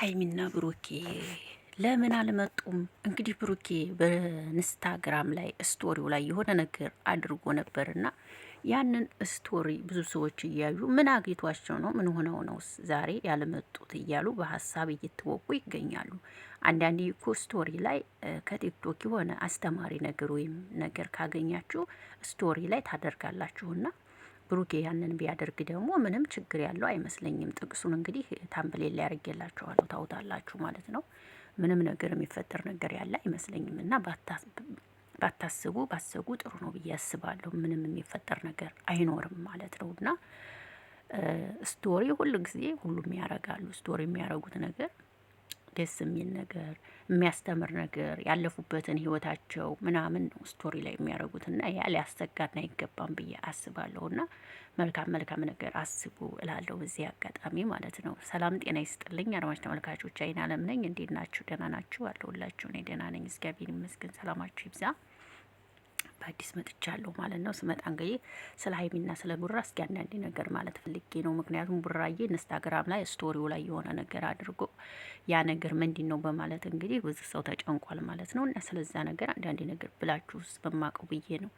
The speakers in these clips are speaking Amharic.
ሀይሚና ብሩኬ ለምን አልመጡም? እንግዲህ ብሩኬ በኢንስታግራም ላይ ስቶሪው ላይ የሆነ ነገር አድርጎ ነበርና ያንን ስቶሪ ብዙ ሰዎች እያዩ ምን አግኝቷቸው ነው? ምን ሆነው ነው ዛሬ ያልመጡት? እያሉ በሀሳብ እየተወቁ ይገኛሉ። አንዳንድ ኮ ስቶሪ ላይ ከቲክቶክ የሆነ አስተማሪ ነገር ወይም ነገር ካገኛችሁ ስቶሪ ላይ ታደርጋላችሁና ብሩኬ ያንን ቢያደርግ ደግሞ ምንም ችግር ያለው አይመስለኝም። ጥቅሱን እንግዲህ ታምብሌ ላይ ያርጌላችኋለሁ ታውታላችሁ ማለት ነው። ምንም ነገር የሚፈጠር ነገር ያለ አይመስለኝም እና ባታስቡ ባሰጉ ጥሩ ነው ብዬ አስባለሁ። ምንም የሚፈጠር ነገር አይኖርም ማለት ነው እና ስቶሪ ሁሉ ጊዜ ሁሉም ያረጋሉ። ስቶሪ የሚያረጉት ነገር ደስ የሚል ነገር የሚያስተምር ነገር ያለፉበትን ህይወታቸው ምናምን ነው ስቶሪ ላይ የሚያደርጉት እና ያ ሊያሰጋን አይገባም ብዬ አስባለሁ። እና መልካም መልካም ነገር አስቡ እላለሁ በዚህ አጋጣሚ ማለት ነው። ሰላም ጤና ይስጥልኝ አድማጭ ተመልካቾች፣ አይን አለም ነኝ። እንዴት ናችሁ? ደህና ናችሁ? አለሁላችሁ። እኔ ደህና ነኝ፣ እግዚአብሔር ይመስገን። ሰላማችሁ ይብዛ። በአዲስ መጥቻለሁ ማለት ነው። ስመጣ እንግዲህ ስለ ሀይሚና ስለ ቡራ እስኪ አንዳንድ ነገር ማለት ፈልጌ ነው። ምክንያቱም ቡራዬ ኢንስታግራም ላይ ስቶሪው ላይ የሆነ ነገር አድርጎ ያ ነገር ምንድን ነው በማለት እንግዲህ ብዙ ሰው ተጨንቋል ማለት ነው። እና ስለዛ ነገር አንዳንድ ነገር ብላችሁ ውስጥ በማቀው ብዬ ነው።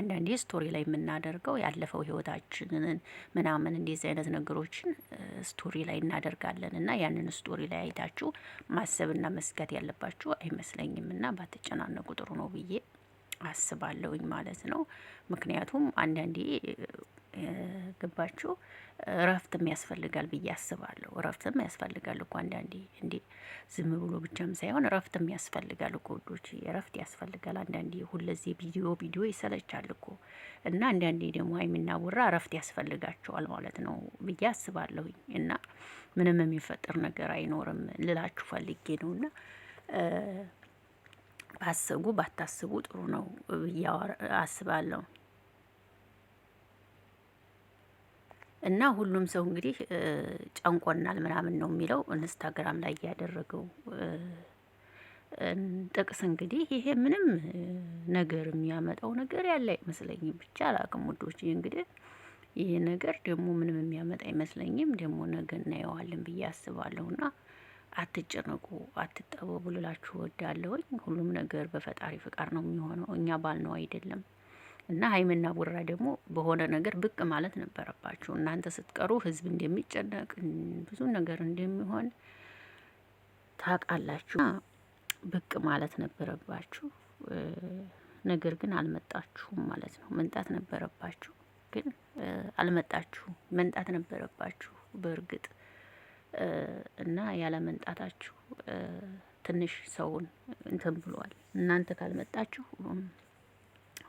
አንዳንዴ ስቶሪ ላይ የምናደርገው ያለፈው ህይወታችንን ምናምን እንደዚህ አይነት ነገሮችን ስቶሪ ላይ እናደርጋለን እና ያንን ስቶሪ ላይ አይታችሁ ማሰብና መስጋት ያለባችሁ አይመስለኝም እና ባትጨናነቁ ጥሩ ነው ብዬ አስባለሁኝ ማለት ነው። ምክንያቱም አንዳንዴ ግባችሁ እረፍትም ያስፈልጋል ብዬ አስባለሁ። እረፍትም ያስፈልጋል እኮ አንዳንዴ እንዴ ዝም ብሎ ብቻም ሳይሆን እረፍትም ያስፈልጋል እኮ ወዶች፣ እረፍት ያስፈልጋል። አንዳንዴ ሁለዚህ ቪዲዮ ቪዲዮ ይሰለቻል እኮ እና አንዳንዴ ደግሞ ሀይሚና ቡራ እረፍት ያስፈልጋቸዋል ማለት ነው ብዬ አስባለሁኝ እና ምንም የሚፈጠር ነገር አይኖርም ልላችሁ ፈልጌ ነው እና ባሰጉ ባታስቡ ጥሩ ነው ብዬ አስባለሁ። እና ሁሉም ሰው እንግዲህ ጨንቆናል ምናምን ነው የሚለው ኢንስታግራም ላይ ያደረገው ጥቅስ እንግዲህ ይሄ ምንም ነገር የሚያመጣው ነገር ያለ አይመስለኝም። ብቻ አላቅም ውዶች፣ እንግዲህ ይሄ ነገር ደግሞ ምንም የሚያመጣ አይመስለኝም። ደግሞ ነገ እናየዋለን ብዬ አስባለሁና አትጨነቁ፣ አትጠበቡ ልላችሁ ወዳለሁኝ። ሁሉም ነገር በፈጣሪ ፍቃድ ነው የሚሆነው፣ እኛ ባልነው አይደለም። እና ሀይምና ቡራ ደግሞ በሆነ ነገር ብቅ ማለት ነበረባችሁ። እናንተ ስትቀሩ ህዝብ እንደሚጨነቅ ብዙ ነገር እንደሚሆን ታውቃላችሁ። ብቅ ማለት ነበረባችሁ፣ ነገር ግን አልመጣችሁም ማለት ነው። መንጣት ነበረባችሁ፣ ግን አልመጣችሁም። መንጣት ነበረባችሁ በእርግጥ እና ያለመምጣታችሁ ትንሽ ሰውን እንትን ብሏል። እናንተ ካልመጣችሁ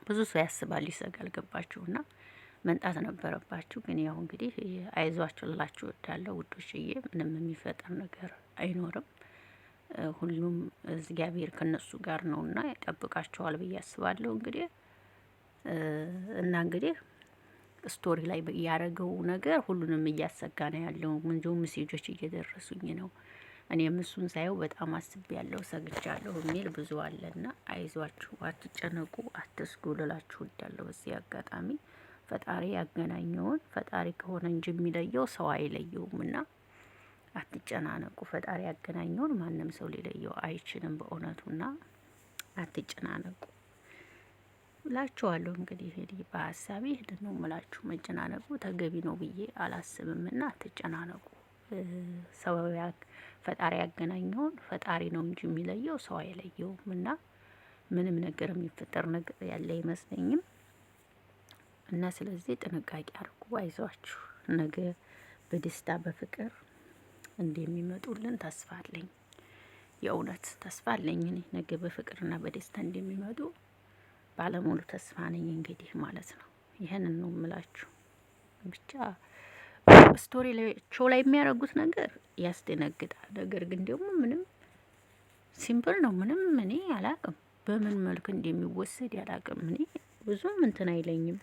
ብዙ ሰው ያስባል፣ ይሰጋል። ገባችሁና መንጣት ነበረባችሁ። ግን ያው እንግዲህ አይዟችሁ ልላችሁ እወዳለሁ ውዶችዬ። ምንም የሚፈጠር ነገር አይኖርም። ሁሉም እግዚአብሔር ከነሱ ጋር ነውና ይጠብቃቸዋል ብዬ አስባለሁ። እንግዲህ እና እንግዲህ ስቶሪ ላይ ያደረገው ነገር ሁሉንም እያሰጋ ነው ያለው። እንዲሁ ሜሴጆች እየደረሱኝ ነው። እኔም እሱን ሳየው በጣም አስቤ ያለው ሰግቻለሁ የሚል ብዙ አለና አይዟችሁ፣ አትጨነቁ፣ አትስጉ ልላችሁ እወዳለሁ። በዚህ አጋጣሚ ፈጣሪ ያገናኘውን ፈጣሪ ከሆነ እንጂ የሚለየው ሰው አይለየውም እና አትጨናነቁ። ፈጣሪ ያገናኘውን ማንም ሰው ሊለየው አይችልም በእውነቱና አትጨናነቁ። እላችኋለሁ። እንግዲህ እኔ በሀሳቢ ይህን ነው ምላችሁ። መጨናነቁ ተገቢ ነው ብዬ አላስብም እና ትጨናነቁ። ሰው ፈጣሪ ያገናኘውን ፈጣሪ ነው እንጂ የሚለየው ሰው አይለየውም እና ምንም ነገር የሚፈጠር ነገር ያለ አይመስለኝም እና ስለዚህ ጥንቃቄ አድርጉ። አይዟችሁ ነገ በደስታ በፍቅር እንደሚመጡልን ተስፋ አለኝ። የእውነት ተስፋ አለኝ እኔ ነገ በፍቅርና በደስታ እንደሚመጡ ባለሙሉ ተስፋ ነኝ እንግዲህ ማለት ነው። ይህንን ነው ምላችሁ ብቻ ስቶሪ ሾው ላይ የሚያደርጉት ነገር ያስደነግጣል። ነገር ግን ደግሞ ምንም ሲምፕል ነው። ምንም እኔ አላቅም፣ በምን መልክ እንደሚወሰድ ያላቅም እኔ ብዙም እንትን አይለኝም፣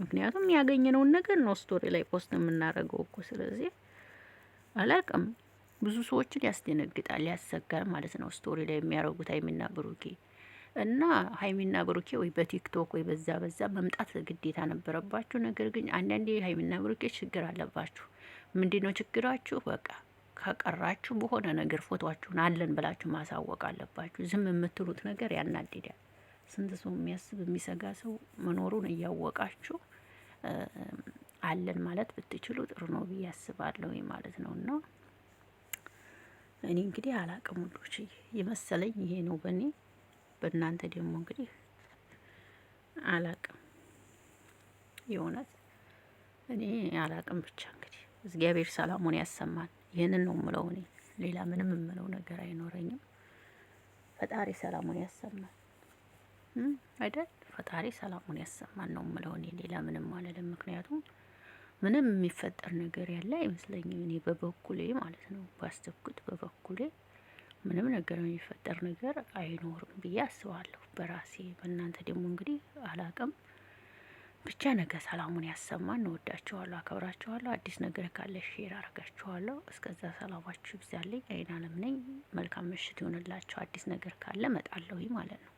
ምክንያቱም ያገኘነውን ነገር ነው ስቶሪ ላይ ፖስት የምናደርገው እኮ። ስለዚህ አላቅም ብዙ ሰዎችን ያስደነግጣል፣ ያሰጋል ማለት ነው ስቶሪ ላይ የሚያደርጉት አይሚና ብሩኬ እና ሀይሚና ብሩኬ ወይ በቲክቶክ ወይ በዛ በዛ መምጣት ግዴታ ነበረባችሁ። ነገር ግን አንዳንዴ ሀይሚና ብሩኬ ችግር አለባችሁ። ምንድን ነው ችግራችሁ? በቃ ከቀራችሁ በሆነ ነገር ፎቶችሁን አለን ብላችሁ ማሳወቅ አለባችሁ። ዝም የምትሉት ነገር ያናድዳል። ስንት ሰው የሚያስብ የሚሰጋ ሰው መኖሩን እያወቃችሁ አለን ማለት ብትችሉ ጥሩ ነው ብዬ አስባለሁ ማለት ነው እና እኔ እንግዲህ አላቅም የመሰለኝ ይሄ ነው በእኔ በእናንተ ደግሞ እንግዲህ አላቅም የእውነት እኔ አላቅም። ብቻ እንግዲህ እግዚአብሔር ሰላሙን ያሰማን። ይህንን ነው የምለው እኔ ሌላ ምንም የምለው ነገር አይኖረኝም። ፈጣሪ ሰላሙን ያሰማን አይደል? ፈጣሪ ሰላሙን ያሰማን ነው የምለው እኔ ሌላ ምንም አልልም። ምክንያቱም ምንም የሚፈጠር ነገር ያለ አይመስለኝም እኔ በበኩሌ ማለት ነው ባስተኩት በበኩሌ ምንም ነገር የሚፈጠር ነገር አይኖርም ብዬ አስባለሁ በራሴ። በእናንተ ደግሞ እንግዲህ አላቅም። ብቻ ነገ ሰላሙን ያሰማን። እንወዳችኋለሁ፣ አከብራችኋለሁ። አዲስ ነገር ካለ ሼር አረጋችኋለሁ። እስከዛ ሰላማችሁ ይብዛልኝ። አይናለም ነኝ። መልካም ምሽት ይሆንላችሁ። አዲስ ነገር ካለ መጣለሁ ማለት ነው።